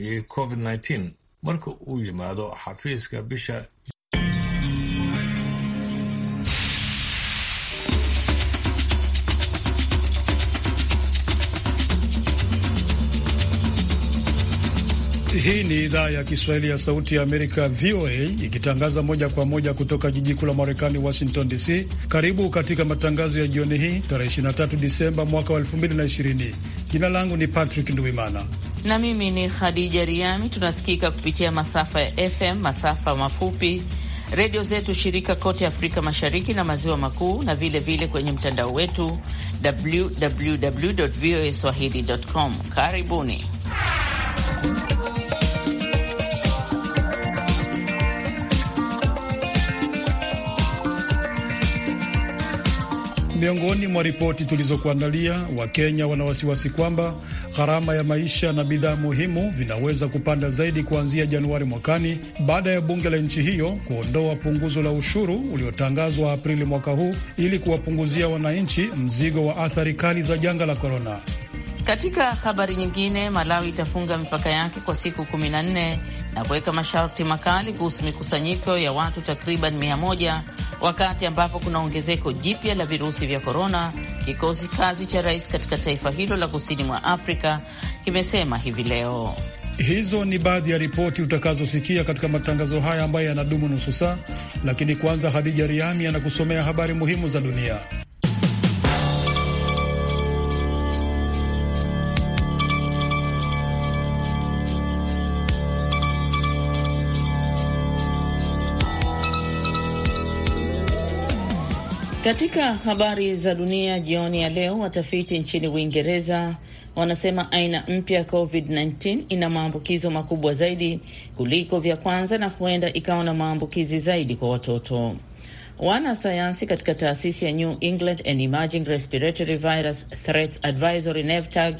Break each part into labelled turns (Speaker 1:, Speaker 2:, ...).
Speaker 1: dhaawacmiyey covid nineteen marka uu yimaado xafiiska bisha
Speaker 2: Hii ni idhaa ya Kiswahili ya Sauti ya Amerika, VOA, ikitangaza moja kwa moja kutoka jiji kuu la Marekani, Washington DC. Karibu katika matangazo ya jioni hii, tarehe 23 Disemba mwaka wa 2020. Jina langu ni Patrick Nduimana
Speaker 3: na mimi ni Khadija Riami. Tunasikika kupitia masafa ya FM, masafa mafupi, redio zetu shirika kote Afrika Mashariki na Maziwa Makuu, na vilevile vile kwenye mtandao wetu www voa swahili com. Karibuni.
Speaker 2: Miongoni mwa ripoti tulizokuandalia, Wakenya wana wasiwasi kwamba gharama ya maisha na bidhaa muhimu vinaweza kupanda zaidi kuanzia Januari mwakani baada ya bunge la nchi hiyo kuondoa punguzo la ushuru uliotangazwa Aprili mwaka huu ili kuwapunguzia wananchi mzigo wa athari kali za janga la korona.
Speaker 3: Katika habari nyingine, Malawi itafunga mipaka yake kwa siku 14 na kuweka masharti makali kuhusu mikusanyiko ya watu takriban moja wakati ambapo kuna ongezeko jipya la virusi vya korona. Kikosi kazi cha rais katika taifa hilo la kusini mwa Afrika kimesema hivi leo.
Speaker 2: Hizo ni baadhi ya ripoti utakazosikia katika matangazo haya ambayo yanadumu nusu saa, lakini kwanza, Hadija Riami anakusomea habari muhimu za dunia.
Speaker 3: Katika habari za dunia jioni ya leo, watafiti nchini Uingereza wanasema aina mpya ya COVID-19 ina maambukizo makubwa zaidi kuliko vya kwanza na huenda ikawa na maambukizi zaidi kwa watoto. Wanasayansi katika taasisi ya New England and Emerging Respiratory Virus Threats Advisory NEVTAG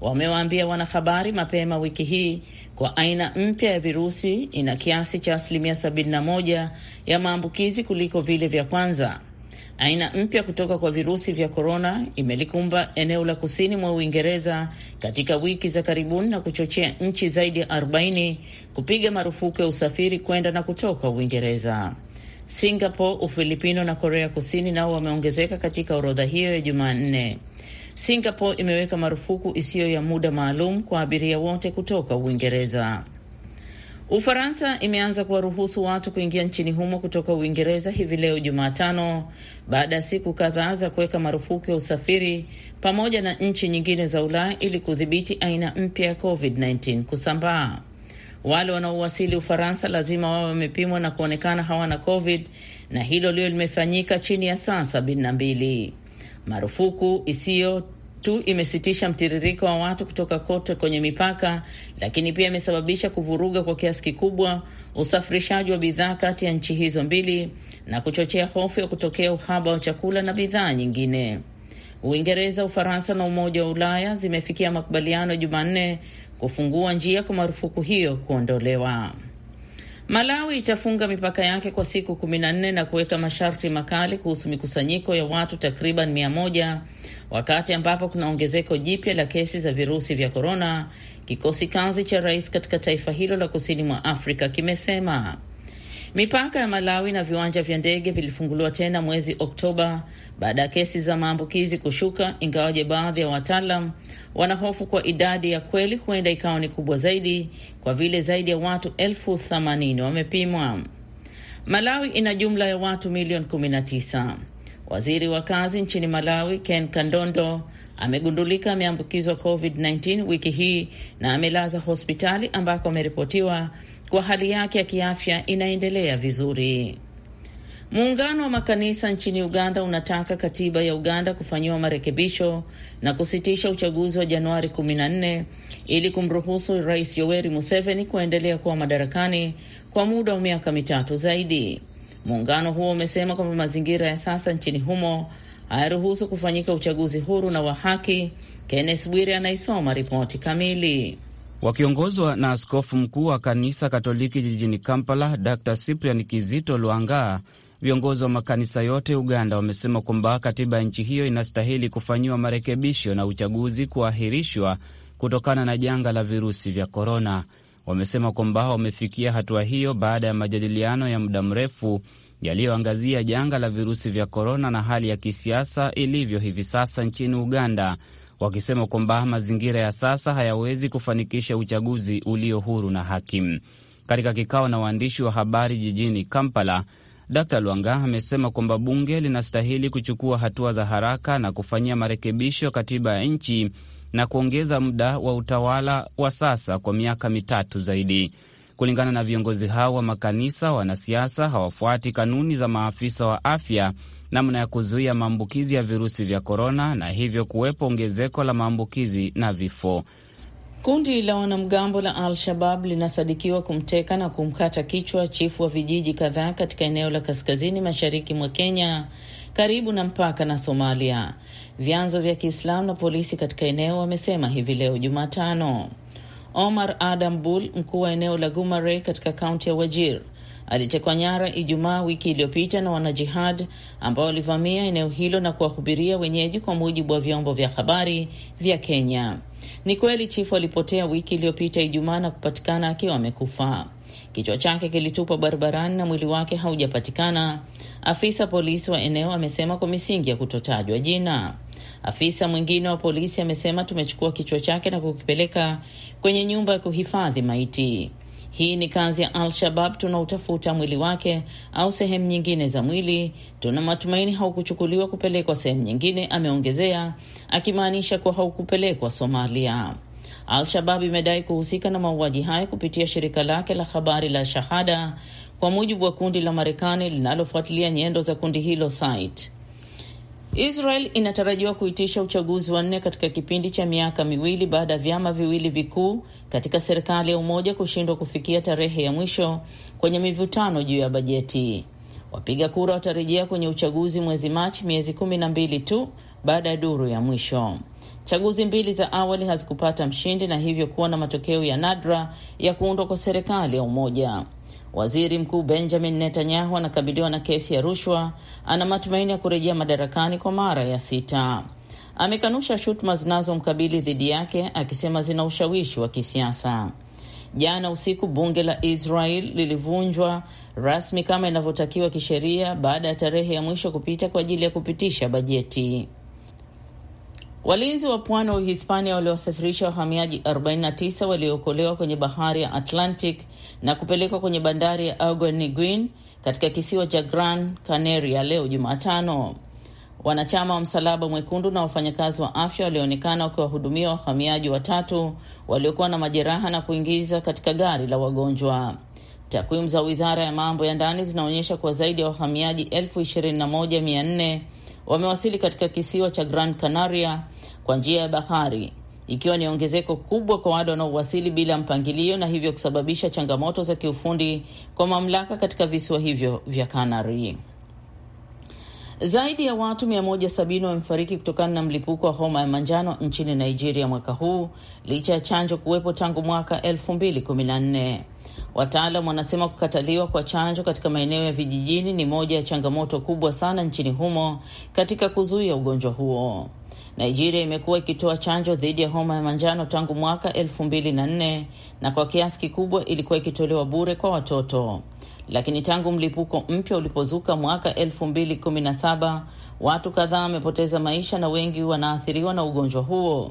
Speaker 3: wamewaambia wanahabari mapema wiki hii kwa aina mpya ya virusi ina kiasi cha asilimia 71 ya maambukizi kuliko vile vya kwanza Aina mpya kutoka kwa virusi vya korona imelikumba eneo la kusini mwa Uingereza katika wiki za karibuni na kuchochea nchi zaidi ya 40 kupiga marufuku ya usafiri kwenda na kutoka Uingereza. Singapore, Ufilipino na Korea Kusini nao wameongezeka katika orodha hiyo ya Jumanne. Singapore imeweka marufuku isiyo ya muda maalum kwa abiria wote kutoka Uingereza. Ufaransa imeanza kuwaruhusu watu kuingia nchini humo kutoka Uingereza hivi leo Jumatano, baada ya siku kadhaa za kuweka marufuku ya usafiri pamoja na nchi nyingine za Ulaya ili kudhibiti aina mpya ya COVID-19 kusambaa. Wale wanaowasili Ufaransa lazima wawe wamepimwa na kuonekana hawana COVID, na hilo lio limefanyika chini ya saa sabini na mbili. Marufuku isiyo tu imesitisha mtiririko wa watu kutoka kote kwenye mipaka, lakini pia imesababisha kuvuruga kwa kiasi kikubwa usafirishaji wa bidhaa kati ya nchi hizo mbili na kuchochea hofu ya kutokea uhaba wa chakula na bidhaa nyingine. Uingereza, Ufaransa na Umoja wa Ulaya zimefikia makubaliano Jumanne kufungua njia kwa marufuku hiyo kuondolewa. Malawi itafunga mipaka yake kwa siku kumi na nne na kuweka masharti makali kuhusu mikusanyiko ya watu takriban mia moja wakati ambapo kuna ongezeko jipya la kesi za virusi vya korona. Kikosi kazi cha rais katika taifa hilo la kusini mwa Afrika kimesema mipaka ya Malawi na viwanja vya ndege vilifunguliwa tena mwezi Oktoba baada ya kesi za maambukizi kushuka, ingawaje baadhi ya wataalam wanahofu kwa idadi ya kweli huenda ikawa ni kubwa zaidi kwa vile zaidi ya watu elfu themanini wamepimwa. Malawi ina jumla ya watu milioni 19. Waziri wa kazi nchini Malawi Ken Kandondo amegundulika ameambukizwa COVID-19 wiki hii na amelaza hospitali ambako ameripotiwa kwa hali yake ya kiafya inaendelea vizuri. Muungano wa makanisa nchini Uganda unataka katiba ya Uganda kufanyiwa marekebisho na kusitisha uchaguzi wa Januari 14 ili kumruhusu Rais Yoweri Museveni kuendelea kuwa madarakani kwa muda wa miaka mitatu zaidi. Muungano huo umesema kwamba mazingira ya sasa nchini humo hayaruhusu kufanyika uchaguzi huru na wa haki. Kenneth Bwire anaisoma ripoti kamili.
Speaker 1: Wakiongozwa na askofu mkuu wa kanisa Katoliki jijini Kampala, Dr Cyprian Kizito Lwanga, viongozi wa makanisa yote Uganda wamesema kwamba katiba ya nchi hiyo inastahili kufanyiwa marekebisho na uchaguzi kuahirishwa kutokana na janga la virusi vya korona wamesema kwamba wamefikia hatua hiyo baada ya majadiliano ya muda mrefu yaliyoangazia janga la virusi vya korona na hali ya kisiasa ilivyo hivi sasa nchini Uganda, wakisema kwamba mazingira ya sasa hayawezi kufanikisha uchaguzi ulio huru na hakim. Katika kikao na waandishi wa habari jijini Kampala, d Lwanga amesema kwamba bunge linastahili kuchukua hatua za haraka na kufanyia marekebisho katiba ya nchi na kuongeza muda wa utawala wa sasa kwa miaka mitatu zaidi. Kulingana na viongozi hao wa makanisa, wanasiasa hawafuati kanuni za maafisa wa afya namna ya kuzuia maambukizi ya virusi vya korona, na hivyo kuwepo ongezeko la maambukizi na vifo.
Speaker 3: Kundi la wanamgambo la Al-Shabab linasadikiwa kumteka na kumkata kichwa chifu wa vijiji kadhaa katika eneo la kaskazini mashariki mwa Kenya, karibu na mpaka na Somalia. Vyanzo vya Kiislamu na polisi katika eneo wamesema hivi leo Jumatano. Omar Adam Bul, mkuu wa eneo la Gumare katika kaunti ya Wajir, alitekwa nyara Ijumaa wiki iliyopita na wanajihad ambao walivamia eneo hilo na kuwahubiria wenyeji, kwa mujibu wa vyombo vya habari vya Kenya. Ni kweli chifu alipotea wiki iliyopita Ijumaa na kupatikana akiwa amekufa. Kichwa chake kilitupwa barabarani na mwili wake haujapatikana. Afisa polisi wa eneo amesema kwa misingi ya kutotajwa jina. Afisa mwingine wa polisi amesema, tumechukua kichwa chake na kukipeleka kwenye nyumba ya kuhifadhi maiti. Hii ni kazi ya Al-Shabab. Tunautafuta mwili wake au sehemu nyingine za mwili. Tuna matumaini haukuchukuliwa kupelekwa sehemu nyingine, ameongezea, akimaanisha kuwa haukupelekwa Somalia. Al-Shabab imedai kuhusika na mauaji hayo kupitia shirika lake la habari la Shahada, kwa mujibu wa kundi la Marekani linalofuatilia nyendo za kundi hilo SITE. Israel inatarajiwa kuitisha uchaguzi wa nne katika kipindi cha miaka miwili baada ya vyama viwili vikuu katika serikali ya umoja kushindwa kufikia tarehe ya mwisho kwenye mivutano juu ya bajeti. Wapiga kura watarejea kwenye uchaguzi mwezi Machi, miezi kumi na mbili tu baada ya duru ya mwisho. Chaguzi mbili za awali hazikupata mshindi na hivyo kuwa na matokeo ya nadra ya kuundwa kwa serikali ya umoja. Waziri Mkuu Benjamin Netanyahu anakabiliwa na kesi ya rushwa. Ana matumaini ya kurejea madarakani kwa mara ya sita. Amekanusha shutuma zinazomkabili dhidi yake, akisema zina ushawishi wa kisiasa. Jana usiku bunge la Israel lilivunjwa rasmi kama inavyotakiwa kisheria baada ya tarehe ya mwisho kupita kwa ajili ya kupitisha bajeti. Walinzi wa pwani wa Uhispania waliwasafirisha wahamiaji 49 waliookolewa kwenye bahari ya Atlantic na kupelekwa kwenye bandari ya Aguadalguin katika kisiwa cha Gran Canaria leo Jumatano. Wanachama wa Msalaba Mwekundu na wafanyakazi wa afya walioonekana wakiwahudumia wahamiaji watatu waliokuwa na majeraha na kuingiza katika gari la wagonjwa. Takwimu za wizara ya mambo ya ndani zinaonyesha kuwa zaidi ya wahamiaji elfu ishirini na moja mia nne wamewasili katika kisiwa cha Gran Canaria kwa njia ya bahari, ikiwa ni ongezeko kubwa kwa wale wanaowasili bila mpangilio na hivyo kusababisha changamoto za kiufundi kwa mamlaka katika visiwa hivyo vya Canary. Zaidi ya watu 170 wamefariki kutokana na mlipuko wa homa ya manjano nchini Nigeria mwaka huu licha ya chanjo kuwepo tangu mwaka 2014. Wataalam wanasema kukataliwa kwa chanjo katika maeneo ya vijijini ni moja ya changamoto kubwa sana nchini humo katika kuzuia ugonjwa huo. Nigeria imekuwa ikitoa chanjo dhidi ya homa ya manjano tangu mwaka elfu mbili na nne na kwa kiasi kikubwa ilikuwa ikitolewa bure kwa watoto, lakini tangu mlipuko mpya ulipozuka mwaka elfu mbili kumi na saba watu kadhaa wamepoteza maisha na wengi wanaathiriwa na ugonjwa huo.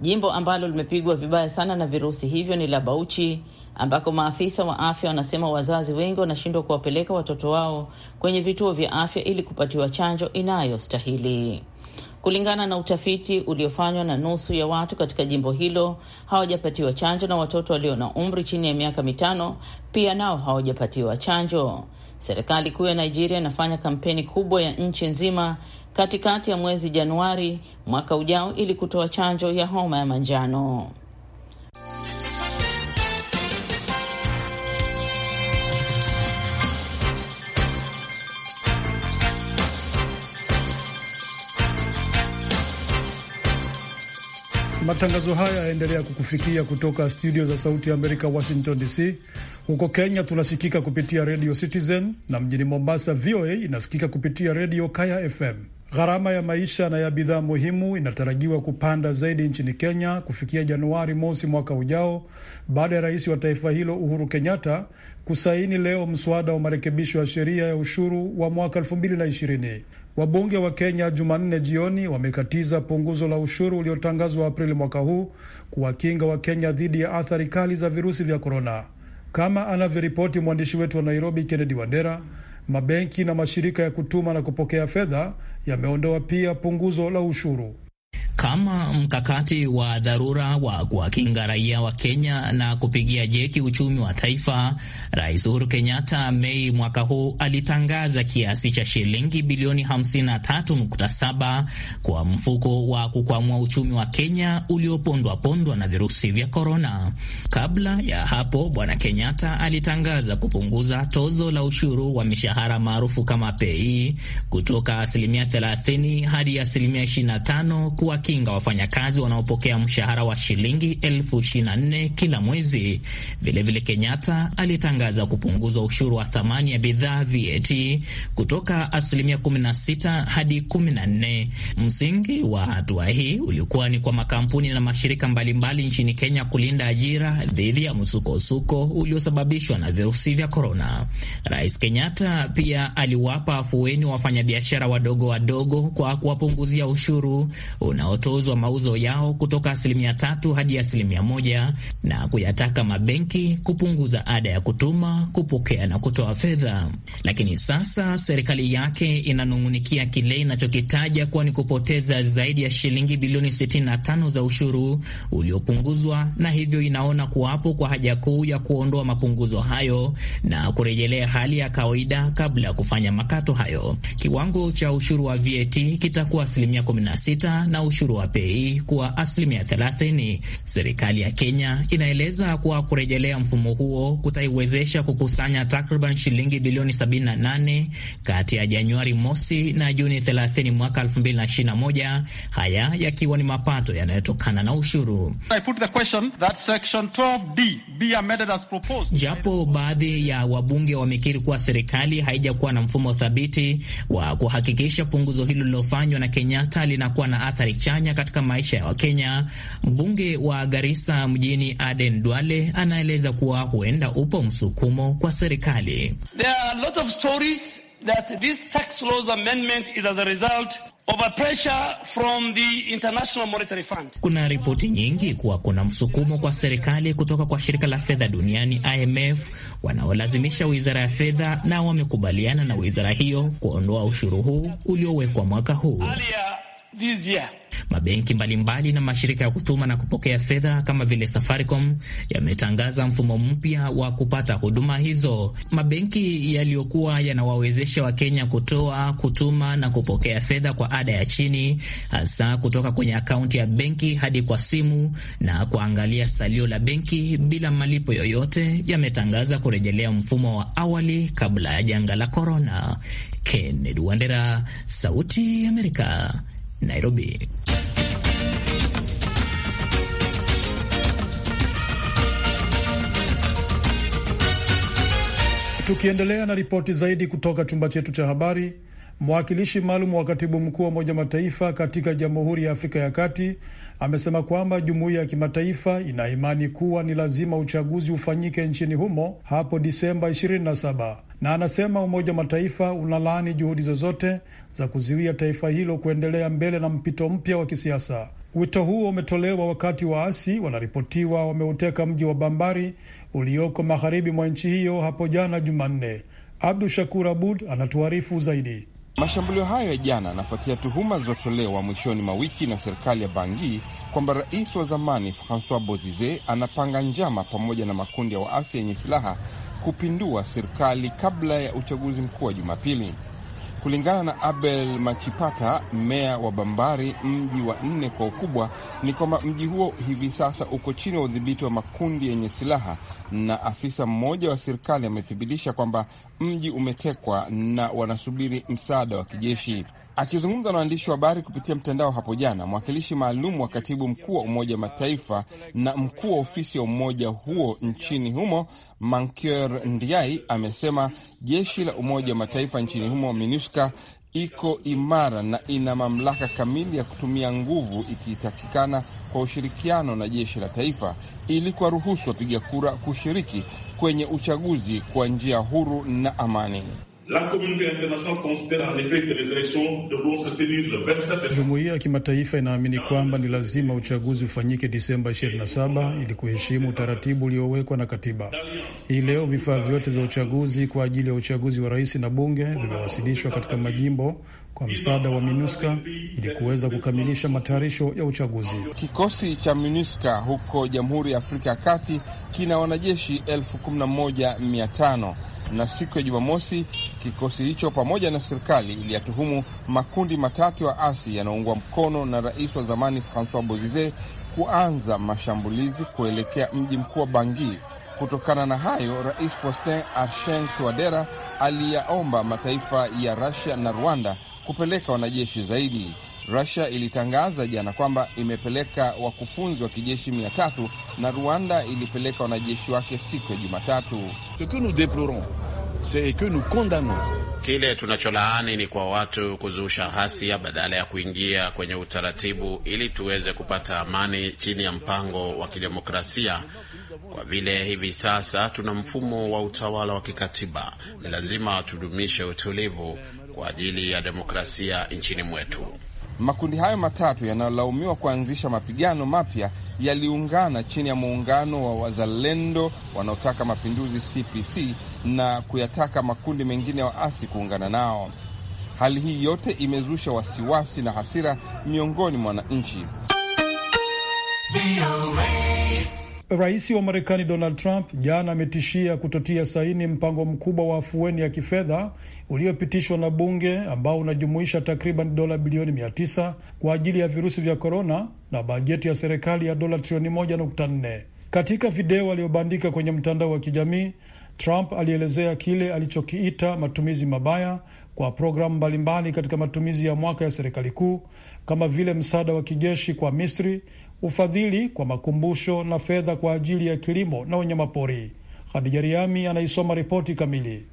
Speaker 3: Jimbo ambalo limepigwa vibaya sana na virusi hivyo ni la Bauchi ambako maafisa wa afya wanasema wazazi wengi wanashindwa kuwapeleka watoto wao kwenye vituo vya afya ili kupatiwa chanjo inayostahili. Kulingana na utafiti uliofanywa na nusu ya watu katika jimbo hilo hawajapatiwa chanjo, na watoto walio na umri chini ya miaka mitano pia nao hawajapatiwa chanjo. Serikali kuu ya Nigeria inafanya kampeni kubwa ya nchi nzima katikati ya mwezi Januari mwaka ujao ili kutoa chanjo ya homa ya manjano.
Speaker 2: Matangazo haya yaendelea kukufikia kutoka studio za Sauti ya Amerika, Washington DC. Huko Kenya tunasikika kupitia redio Citizen na mjini Mombasa VOA inasikika kupitia redio Kaya FM. Gharama ya maisha na ya bidhaa muhimu inatarajiwa kupanda zaidi nchini Kenya kufikia Januari mosi mwaka ujao baada ya rais wa taifa hilo Uhuru Kenyatta kusaini leo mswada wa marekebisho ya sheria ya ushuru wa mwaka elfu mbili na ishirini. Wabunge wa Kenya Jumanne jioni wamekatiza punguzo la ushuru uliotangazwa Aprili mwaka huu kuwakinga Wakenya dhidi ya athari kali za virusi vya korona. Kama anavyoripoti mwandishi wetu wa Nairobi, Kennedy Wandera, mabenki na mashirika ya kutuma na kupokea fedha yameondoa pia punguzo la ushuru
Speaker 4: kama mkakati wa dharura wa kuwakinga raia wa Kenya na kupigia jeki uchumi wa taifa, Rais Uhuru Kenyatta Mei mwaka huu alitangaza kiasi cha shilingi bilioni 53.7 kwa mfuko wa kukwamua uchumi wa Kenya uliopondwa pondwa na virusi vya korona. Kabla ya hapo, Bwana Kenyatta alitangaza kupunguza tozo la ushuru wa mishahara maarufu kama pei kutoka asilimia 30 hadi asilimia 25 kuwakinga wafanyakazi wanaopokea mshahara wa shilingi elfu ishirini na nne kila mwezi. Vilevile, Kenyatta alitangaza kupunguzwa ushuru wa thamani ya bidhaa VAT kutoka asilimia 16 hadi 14. Msingi wa hatua hii ulikuwa ni kwa makampuni na mashirika mbalimbali mbali nchini Kenya kulinda ajira dhidi ya msukosuko uliosababishwa na virusi vya korona. Rais Kenyatta pia aliwapa afueni wafanyabiashara wadogo wadogo kwa kuwapunguzia ushuru unaotozwa mauzo yao kutoka asilimia tatu hadi asilimia moja na kuyataka mabenki kupunguza ada ya kutuma, kupokea na kutoa fedha. Lakini sasa serikali yake inanung'unikia kile inachokitaja kuwa ni kupoteza zaidi ya shilingi bilioni 65 za ushuru uliopunguzwa, na hivyo inaona kuwapo kwa haja kuu ya kuondoa mapunguzo hayo na kurejelea hali ya kawaida kabla ya kufanya makato hayo. Kiwango cha ushuru wa VAT kitakuwa asilimia 16 na na ushuru wa bei kuwa asilimia 30. Serikali ya Kenya inaeleza kuwa kurejelea mfumo huo kutaiwezesha kukusanya takriban shilingi bilioni 78 kati ya Januari mosi na Juni 30 mwaka 2021, haya yakiwa ni mapato yanayotokana na ushuru. Japo baadhi ya wabunge wamekiri kuwa serikali haijakuwa na mfumo thabiti wa kuhakikisha punguzo hilo lilofanywa na Kenyatta linakuwa na athari athari chanya katika maisha ya Wakenya, mbunge wa Garissa mjini Aden Duale anaeleza kuwa huenda upo msukumo kwa serikali.
Speaker 5: There are a lot of stories that
Speaker 1: this tax laws amendment is as a result From the International Monetary Fund.
Speaker 4: Kuna ripoti nyingi kuwa kuna msukumo kwa serikali kutoka kwa shirika la fedha duniani IMF, wanaolazimisha wizara ya fedha, na wamekubaliana na wizara hiyo kuondoa ushuru huu uliowekwa mwaka huu. Alia this year. Mabenki mbalimbali na mashirika ya kutuma na kupokea fedha kama vile Safaricom yametangaza mfumo mpya wa kupata huduma hizo. Mabenki yaliyokuwa yanawawezesha Wakenya kutoa, kutuma na kupokea fedha kwa ada ya chini, hasa kutoka kwenye akaunti ya benki hadi kwa simu na kuangalia salio la benki bila malipo yoyote, yametangaza kurejelea mfumo wa awali kabla ya janga la korona. Kennedy Wandera, Sauti ya Amerika, Nairobi.
Speaker 2: Tukiendelea na ripoti zaidi kutoka chumba chetu cha habari. Mwakilishi maalum wa katibu mkuu wa Umoja Mataifa katika Jamhuri ya Afrika ya Kati amesema kwamba jumuiya ya kimataifa ina imani kuwa ni lazima uchaguzi ufanyike nchini humo hapo Disemba 27 na anasema Umoja Mataifa unalaani juhudi zozote za kuziwia taifa hilo kuendelea mbele na mpito mpya wa kisiasa. Wito huo umetolewa wakati waasi wanaripotiwa wameuteka mji wa Bambari ulioko magharibi mwa nchi hiyo hapo jana Jumanne. Abdu Shakur Abud anatuarifu zaidi.
Speaker 6: Mashambulio hayo ya jana yanafuatia tuhuma zilizotolewa mwishoni mwa wiki na serikali ya bangi kwamba rais wa zamani Francois Bozize anapanga njama pamoja na makundi ya waasi yenye silaha kupindua serikali kabla ya uchaguzi mkuu wa Jumapili. Kulingana na Abel Machipata, meya wa Bambari, mji wa nne kwa ukubwa, ni kwamba mji huo hivi sasa uko chini ya udhibiti wa makundi yenye silaha, na afisa mmoja wa serikali amethibitisha kwamba mji umetekwa na wanasubiri msaada wa kijeshi. Akizungumza na waandishi wa habari kupitia mtandao hapo jana, mwakilishi maalum wa katibu mkuu wa Umoja wa Mataifa na mkuu wa ofisi ya umoja huo nchini humo Mankeur Ndiaye amesema jeshi la Umoja wa Mataifa nchini humo MINUSCA iko imara na ina mamlaka kamili ya kutumia nguvu ikitakikana kwa ushirikiano na jeshi la taifa ili kuwaruhusu wapiga kura kushiriki kwenye uchaguzi kwa njia huru na amani. La communauté internationale considère en effet que les devront se tenir le 27
Speaker 2: Jumuiya ya kimataifa inaamini kwamba ni lazima uchaguzi ufanyike Disemba 27 ili kuheshimu utaratibu uliowekwa na katiba. Hii leo vifaa vyote vya uchaguzi kwa ajili ya uchaguzi wa rais na bunge vimewasilishwa katika majimbo kwa msaada wa MINUSKA ili kuweza kukamilisha matayarisho ya uchaguzi.
Speaker 6: Kikosi cha MINUSKA huko Jamhuri ya Afrika ya Kati kina wanajeshi elfu kumi na moja mia tano na siku ya Jumamosi kikosi hicho pamoja na serikali iliyatuhumu makundi matatu ya asi yanayoungwa mkono na rais wa zamani Francois Bozize kuanza mashambulizi kuelekea mji mkuu wa Bangi. Kutokana na hayo, Rais Faustin Archange Touadera aliyaomba mataifa ya rasia na Rwanda kupeleka wanajeshi zaidi. rasia ilitangaza jana kwamba imepeleka wakufunzi wa kijeshi mia tatu na Rwanda ilipeleka wanajeshi wake siku ya Jumatatu.
Speaker 7: Kile tunacholaani ni kwa watu kuzusha ghasia badala ya kuingia kwenye utaratibu ili tuweze kupata amani chini ya mpango wa kidemokrasia. Kwa vile hivi sasa tuna mfumo wa utawala wa kikatiba, ni lazima tudumishe utulivu kwa ajili ya demokrasia nchini mwetu.
Speaker 6: Makundi hayo matatu yanayolaumiwa kuanzisha mapigano mapya yaliungana chini ya muungano wa wazalendo wanaotaka mapinduzi CPC na kuyataka makundi mengine ya waasi kuungana nao. Hali hii yote imezusha wasiwasi na hasira miongoni mwa wananchi.
Speaker 2: Rais wa Marekani Donald Trump jana ametishia kutotia saini mpango mkubwa wa afueni ya kifedha uliopitishwa na bunge ambao unajumuisha takriban dola bilioni mia tisa kwa ajili ya virusi vya korona na bajeti ya serikali ya dola trilioni moja nukta nne. Katika video aliyobandika kwenye mtandao wa kijamii, Trump alielezea kile alichokiita matumizi mabaya kwa programu mbalimbali katika matumizi ya mwaka ya serikali kuu kama vile msaada wa kijeshi kwa Misri ufadhili kwa makumbusho na fedha kwa ajili ya kilimo na wanyamapori. Khadija Riami anaisoma ripoti kamili.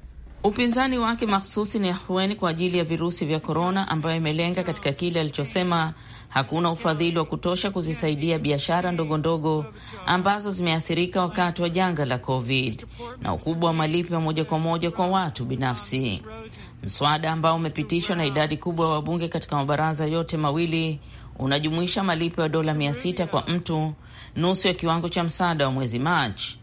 Speaker 3: Upinzani wake mahsusi ni ahueni kwa ajili ya virusi vya korona, ambayo imelenga katika kile alichosema hakuna ufadhili wa kutosha kuzisaidia biashara ndogondogo ambazo zimeathirika wakati wa janga la COVID na ukubwa wa malipo ya moja kwa moja kwa watu binafsi. Mswada ambao umepitishwa na idadi kubwa ya wabunge katika mabaraza yote mawili unajumuisha malipo ya dola mia sita kwa mtu, nusu ya kiwango cha msaada wa mwezi Machi.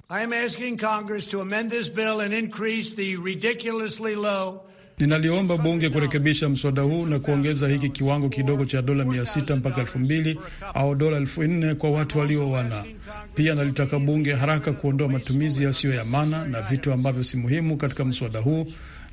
Speaker 2: Ninaliomba bunge kurekebisha mswada huu na kuongeza hiki kiwango kidogo cha dola mia sita mpaka elfu mbili au dola elfu nne kwa watu waliowana Pia nalitaka bunge haraka kuondoa matumizi yasiyo ya maana na vitu ambavyo si muhimu katika mswada huu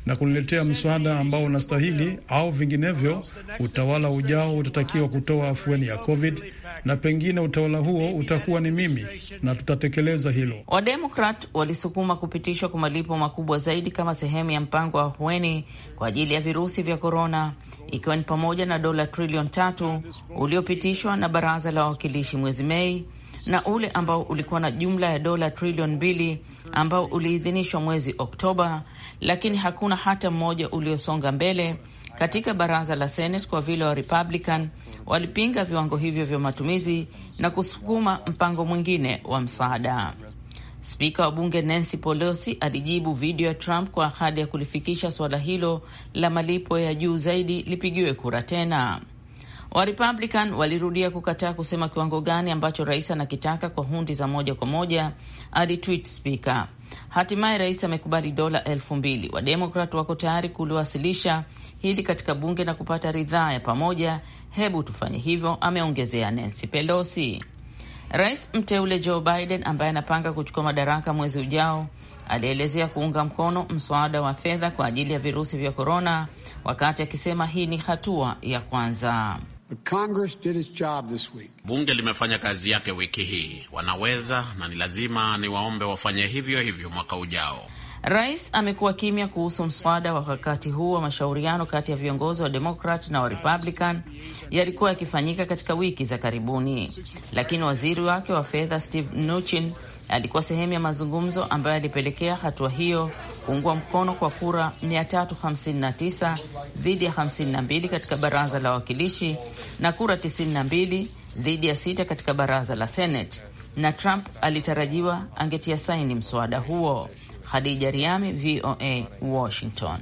Speaker 2: na kuniletea mswada ambao unastahili, au vinginevyo utawala ujao utatakiwa kutoa afueni ya COVID na pengine utawala huo utakuwa ni mimi, na tutatekeleza hilo.
Speaker 3: Wademokrat walisukuma kupitishwa kwa malipo makubwa zaidi kama sehemu ya mpango wa afueni kwa ajili ya virusi vya korona, ikiwa ni pamoja na dola trilioni tatu uliopitishwa na baraza la wawakilishi mwezi Mei na ule ambao ulikuwa na jumla ya dola trilioni mbili ambao uliidhinishwa mwezi Oktoba lakini hakuna hata mmoja uliosonga mbele katika baraza la Senate kwa vile wa Republican walipinga viwango hivyo vya matumizi na kusukuma mpango mwingine wa msaada. Spika wa bunge Nancy Pelosi alijibu video ya Trump kwa ahadi ya kulifikisha suala hilo la malipo ya juu zaidi lipigiwe kura tena. Warepublican walirudia kukataa kusema kiwango gani ambacho rais anakitaka kwa hundi za moja kwa moja, alitweet spika. Hatimaye rais amekubali dola elfu mbili. Wademokrat wako tayari kuliwasilisha hili katika bunge na kupata ridhaa ya pamoja. Hebu tufanye hivyo, ameongezea Nancy Pelosi. Rais mteule Joe Biden ambaye anapanga kuchukua madaraka mwezi ujao alielezea kuunga mkono mswada wa fedha kwa ajili ya virusi vya korona, wakati akisema hii ni hatua ya kwanza. But Congress did its job this week.
Speaker 7: Bunge limefanya kazi yake wiki hii, wanaweza na ni lazima niwaombe wafanye hivyo hivyo mwaka ujao.
Speaker 3: Rais amekuwa kimya kuhusu mswada wa wakati huu wa mashauriano kati ya viongozi wa Demokrat na wa Republican yalikuwa yakifanyika katika wiki za karibuni, lakini waziri wake wa fedha Steve Mnuchin alikuwa sehemu ya mazungumzo ambayo yalipelekea hatua hiyo kuungwa mkono kwa kura 359 dhidi ya 52 katika baraza la wawakilishi na kura 92 dhidi ya sita katika baraza la Senate, na Trump alitarajiwa angetia saini mswada huo. Khadija Riami, VOA, Washington.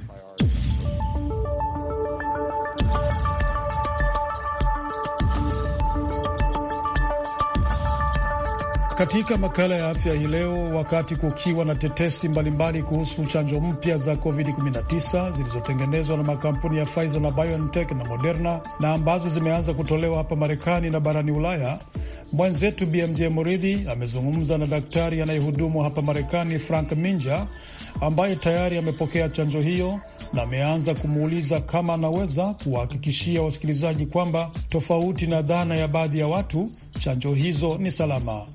Speaker 2: Katika makala ya afya hii leo, wakati kukiwa na tetesi mbalimbali kuhusu chanjo mpya za COVID-19 zilizotengenezwa na makampuni ya Pfizer na BioNTech na Moderna na ambazo zimeanza kutolewa hapa Marekani na barani Ulaya, mwenzetu BMJ Muridhi amezungumza na daktari anayehudumu hapa Marekani, Frank Minja, ambaye tayari amepokea chanjo hiyo na ameanza kumuuliza kama anaweza kuwahakikishia wasikilizaji kwamba tofauti na dhana ya baadhi ya watu, chanjo hizo ni salama.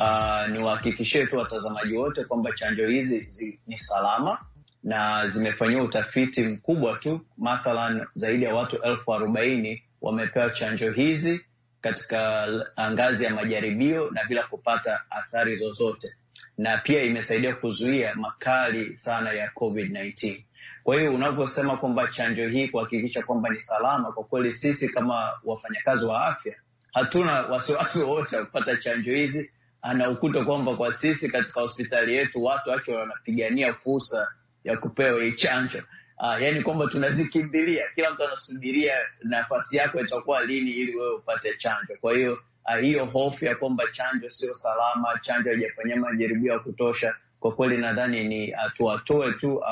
Speaker 8: Uh, niwahakikishie tu watazamaji wote kwamba chanjo hizi zi, ni salama na zimefanyiwa utafiti mkubwa tu. Mathalan, zaidi ya watu elfu arobaini wamepewa chanjo hizi katika ngazi ya majaribio na bila kupata athari zozote, na pia imesaidia kuzuia makali sana ya COVID-19. Kwa hiyo unavyosema kwamba chanjo hii kuhakikisha kwamba ni salama, kwa kweli sisi kama wafanyakazi wa afya hatuna wasiwasi wowote wa kupata chanjo hizi anaukuta kwamba kwa sisi katika hospitali yetu watu wake wanapigania fursa ya kupewa hii chanjo. Uh, ah, yani kwamba tunazikimbilia, kila mtu anasubiria nafasi yako itakuwa lini ili wewe upate chanjo. Kwa hiyo uh, hiyo hofu ya kwamba chanjo sio salama, chanjo haijafanyia majaribio ya kutosha, kwa kweli nadhani ni uh, tuwatoe tu uh,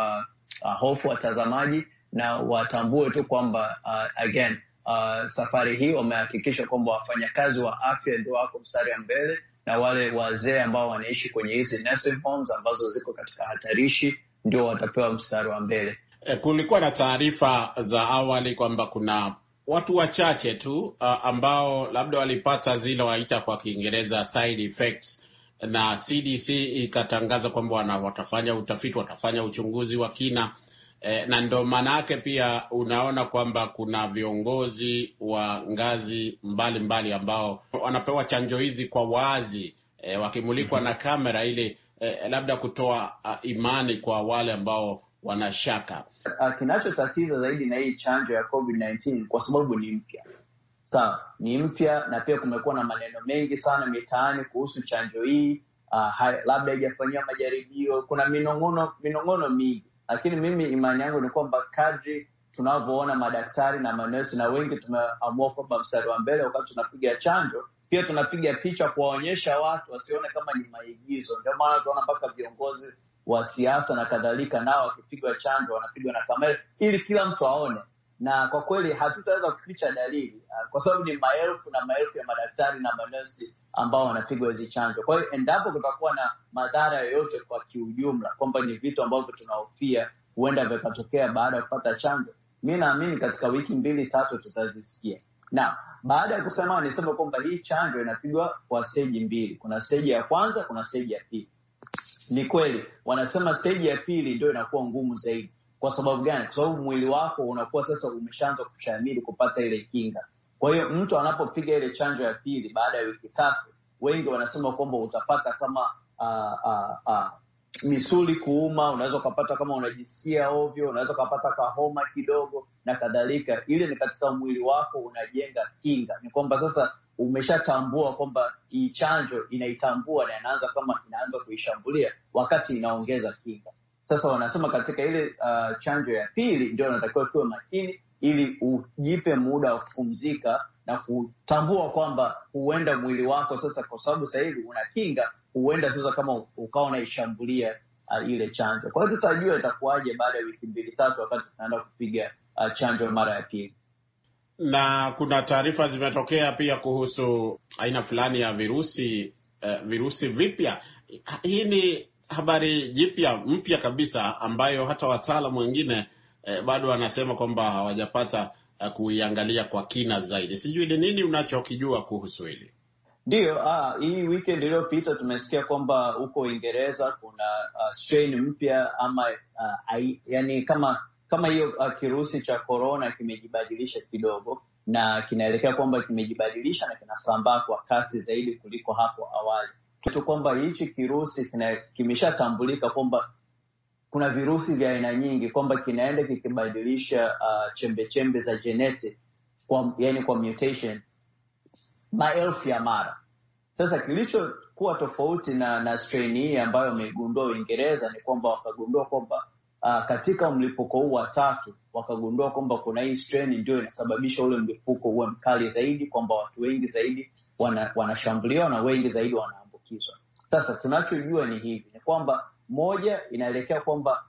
Speaker 8: uh, hofu watazamaji na watambue tu kwamba uh, again uh, safari hii wamehakikisha kwamba wafanyakazi wa afya ndio wako mstari wa mbele na wale wazee ambao wanaishi kwenye hizi nursing homes ambazo ziko katika hatarishi ndio watapewa mstari wa mbele. E, kulikuwa
Speaker 7: na taarifa za awali kwamba kuna watu wachache tu uh, ambao labda walipata zile waita kwa Kiingereza side effects, na CDC ikatangaza kwamba watafanya utafiti, watafanya uchunguzi wa kina E, na ndo maana yake pia unaona kwamba kuna viongozi wa ngazi mbalimbali mbali ambao wanapewa chanjo hizi kwa wazi e, wakimulikwa mm -hmm. na kamera ili e, labda kutoa uh, imani kwa wale ambao wanashaka.
Speaker 8: Ah, kinachotatiza zaidi na hii chanjo ya COVID-19 kwa sababu ni mpya, sawa, ni mpya, na pia kumekuwa na maneno mengi sana mitaani kuhusu chanjo hii uh, labda haijafanyiwa majaribio. Kuna minong'ono minong'ono mingi lakini mimi imani yangu ni kwamba kadri tunavyoona madaktari na manesi na wengi tumeamua kwamba mstari wa mbele wakati tunapiga chanjo, pia tunapiga picha kuwaonyesha watu wasione kama ni maigizo. Ndio maana tunaona mpaka viongozi wa siasa na kadhalika nao wakipigwa chanjo wanapigwa na kamera ili kila mtu aone na kwa kweli hatutaweza kuficha dalili ah, kwa sababu ni maelfu na maelfu ya madaktari na manesi ambao wanapigwa hizi chanjo. Kwa hiyo endapo kutakuwa na madhara yoyote kwa kiujumla, kwamba ni vitu ambavyo tunahofia huenda vikatokea baada ya kupata chanjo, mi naamini katika wiki mbili tatu tutazisikia. Na baada ya kusema, nisema kwamba hii chanjo inapigwa kwa steji mbili, kuna steji ya kwanza, kuna steji ya pili. Ni kweli wanasema steji ya pili ndio inakuwa ngumu zaidi kwa sababu gani? Kwa sababu mwili wako unakuwa sasa umeshaanza kushamiri kupata ile kinga. Kwa hiyo mtu anapopiga ile chanjo ya pili baada ya wiki tatu, wengi wanasema kwamba utapata kama uh, uh, uh, misuli kuuma, unaweza ukapata kama unajisikia ovyo, unaweza ukapata kahoma kidogo na kadhalika. Ile ni katika mwili wako unajenga kinga, ni kwamba sasa umeshatambua kwamba hii chanjo inaitambua na inaanza kama inaanza kuishambulia, wakati inaongeza kinga. Sasa wanasema katika ile uh, chanjo ya pili ndio wanatakiwa tuwe makini, ili ujipe muda wa kupumzika na kutambua kwamba huenda mwili wako sasa, kwa sababu sasa hivi una kinga, huenda sasa kama ukawa unaishambulia uh, ile chanjo. Kwa hiyo tutajua itakuwaje baada ya wiki mbili tatu, wakati tunaenda kupiga uh, chanjo mara ya pili na kuna taarifa zimetokea pia
Speaker 7: kuhusu aina fulani ya virusi uh, virusi vipya. Hii ni habari jipya mpya kabisa ambayo hata wataalamu wengine eh, bado wanasema kwamba hawajapata eh, kuiangalia kwa kina zaidi. Sijui ni nini unachokijua kuhusu hili?
Speaker 8: Ndiyo, ah, hii weekend iliyopita tumesikia kwamba huko Uingereza kuna uh, strain mpya ama uh, ai, yani kama kama hiyo uh, kirusi cha korona kimejibadilisha kidogo na kinaelekea kwamba kimejibadilisha na kinasambaa kwa kasi zaidi kuliko hapo awali kitu kwamba hichi kirusi kimeshatambulika kwamba kuna virusi vya aina nyingi, kwamba kinaenda kikibadilisha uh, chembe chembe za jeneti kwa, yani kwa mutation maelfu ya mara. Sasa kilichokuwa tofauti na, na strain hii ambayo wameigundua Uingereza ni kwamba wakagundua kwamba uh, katika mlipuko huu wa tatu wakagundua kwamba kuna hii strain ndio inasababisha ule mlipuko huwe mkali zaidi, kwamba watu wengi zaidi wanashambuliwa wana na wengi zaidi wana kusikizwa. Sasa tunachojua ni hivi ni kwamba moja, inaelekea kwamba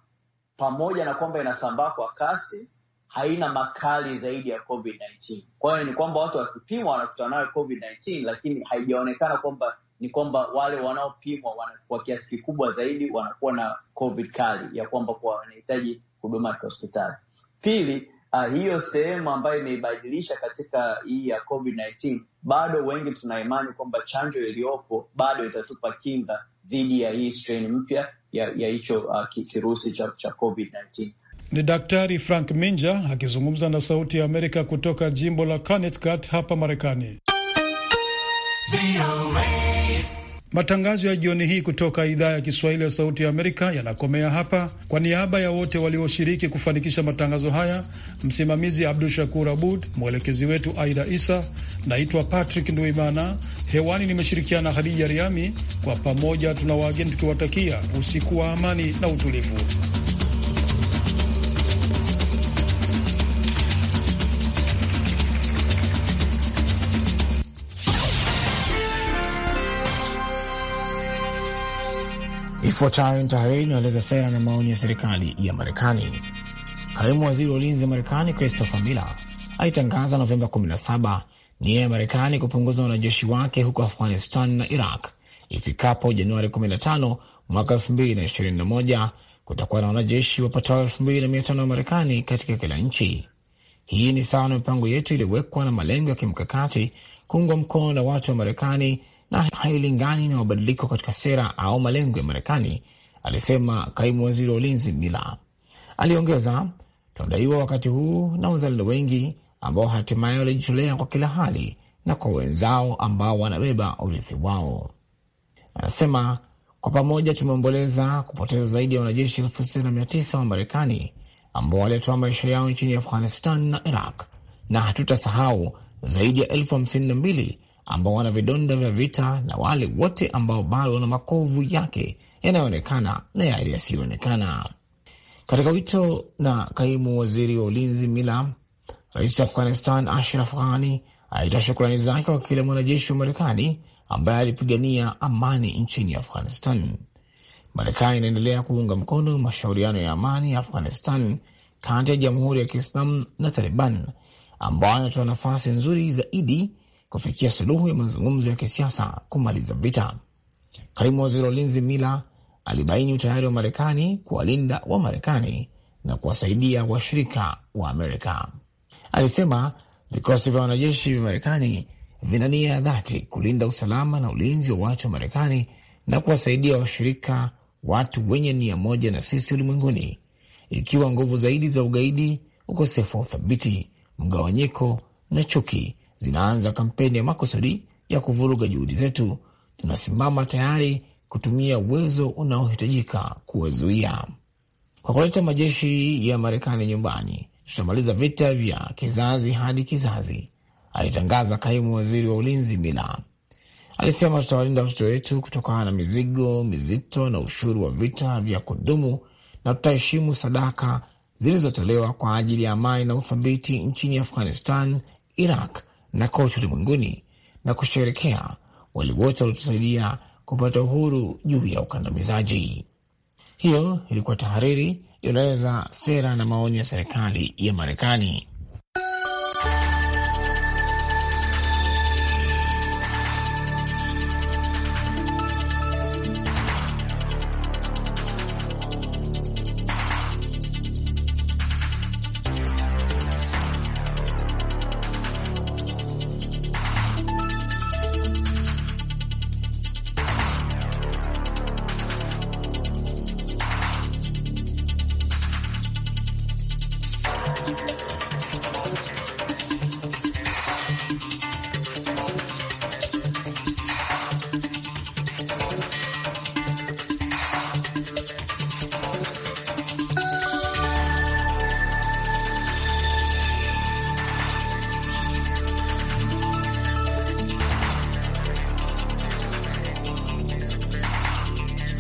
Speaker 8: pamoja na kwamba inasambaa kwa kasi, haina makali zaidi ya COVID-19. Kwa hiyo ni kwamba watu wakipimwa wanakutana nayo COVID-19, lakini haijaonekana kwamba ni kwamba wale wanaopimwa wana, kwa kiasi kikubwa zaidi wanakuwa na COVID kali ya kwamba kwa wanahitaji huduma ya hospitali. Pili, uh, hiyo sehemu ambayo imeibadilisha katika hii ya COVID-19, bado wengi tunaimani kwamba chanjo iliyopo bado itatupa kinga dhidi ya hii strain mpya ya hicho uh, kirusi cha, cha COVID-19.
Speaker 2: Ni Daktari Frank Minja akizungumza na Sauti ya Amerika kutoka jimbo la Connecticut hapa Marekani. Matangazo ya jioni hii kutoka idhaa ya Kiswahili ya Sauti ya Amerika yanakomea hapa. Kwa niaba ya wote walioshiriki kufanikisha matangazo haya, msimamizi Abdu Shakur Abud, mwelekezi wetu Aida Isa, naitwa Patrick Nduimana. Hewani nimeshirikiana Hadija Riami. Kwa pamoja tuna wageni tukiwatakia usiku wa amani na utulivu.
Speaker 5: Ifuatayo ni tahariri inaeleza sera na maoni ya serikali ya Marekani. Kaimu waziri wa ulinzi wa Marekani Christopher Miller alitangaza Novemba 17 nia ya Marekani kupunguza wanajeshi wake huko Afghanistan na Iraq ifikapo Januari 15 mwaka 2021. Kutakuwa na wanajeshi wapatao 2500 wa Marekani katika kila nchi. Hii ni sawa na mipango yetu iliyowekwa na malengo ya kimkakati kuungwa mkono na watu wa Marekani na hailingani na mabadiliko katika sera au malengo ya Marekani, alisema kaimu waziri wa ulinzi Mila. Aliongeza, tunadaiwa wakati huu na wazalendo wengi ambao hatimaye walijitolea kwa kila hali na kwa wenzao ambao wanabeba urithi wao. Anasema kwa pamoja tumeomboleza kupoteza zaidi ya wanajeshi elfu sita na mia tisa wa Marekani ambao walitoa maisha yao nchini Afghanistan na Iraq, na hatutasahau zaidi ya elfu hamsini na mbili ambao wana vidonda vya vita na wale wote ambao bado wana makovu yake yanayoonekana na yale yasiyoonekana. Katika wito na kaimu waziri wa ulinzi Mila, rais wa Afghanistan Ashraf Ghani alitoa shukrani zake kwa kila mwanajeshi wa Marekani ambaye alipigania amani nchini Afghanistan. Marekani inaendelea kuunga mkono mashauriano ya amani ya Afghanistan kati ya Jamhuri ya Kiislamu na Taliban ambayo anatoa nafasi nzuri zaidi kufikia suluhu ya mazungumzo ya kisiasa kumaliza vita. Kaimu waziri wa ulinzi Mila alibaini utayari wa Marekani kuwalinda wa Marekani na kuwasaidia washirika wa Amerika. Alisema vikosi vya wanajeshi vya Marekani vina nia ya dhati kulinda usalama na ulinzi wa watu wa Marekani na kuwasaidia washirika, watu wenye nia moja na sisi ulimwenguni, ikiwa nguvu zaidi za ugaidi, ukosefu wa uthabiti, mgawanyiko na chuki zinaanza kampeni ya makusudi ya kuvuruga juhudi zetu. Tunasimama tayari kutumia uwezo unaohitajika kuwazuia. Kwa kuleta majeshi ya Marekani nyumbani, tutamaliza vita vya kizazi hadi kizazi, alitangaza kaimu waziri wa ulinzi Mila. Alisema tutawalinda watoto wetu kutokana na mizigo mizito na ushuru wa vita vya kudumu, na tutaheshimu sadaka zilizotolewa kwa ajili ya amani na uthabiti nchini Afghanistan, Iraq na kote ulimwenguni na kusherekea wale wote waliotusaidia kupata uhuru juu ya ukandamizaji. Hiyo ilikuwa tahariri, inaeleza sera na maoni ya serikali ya Marekani.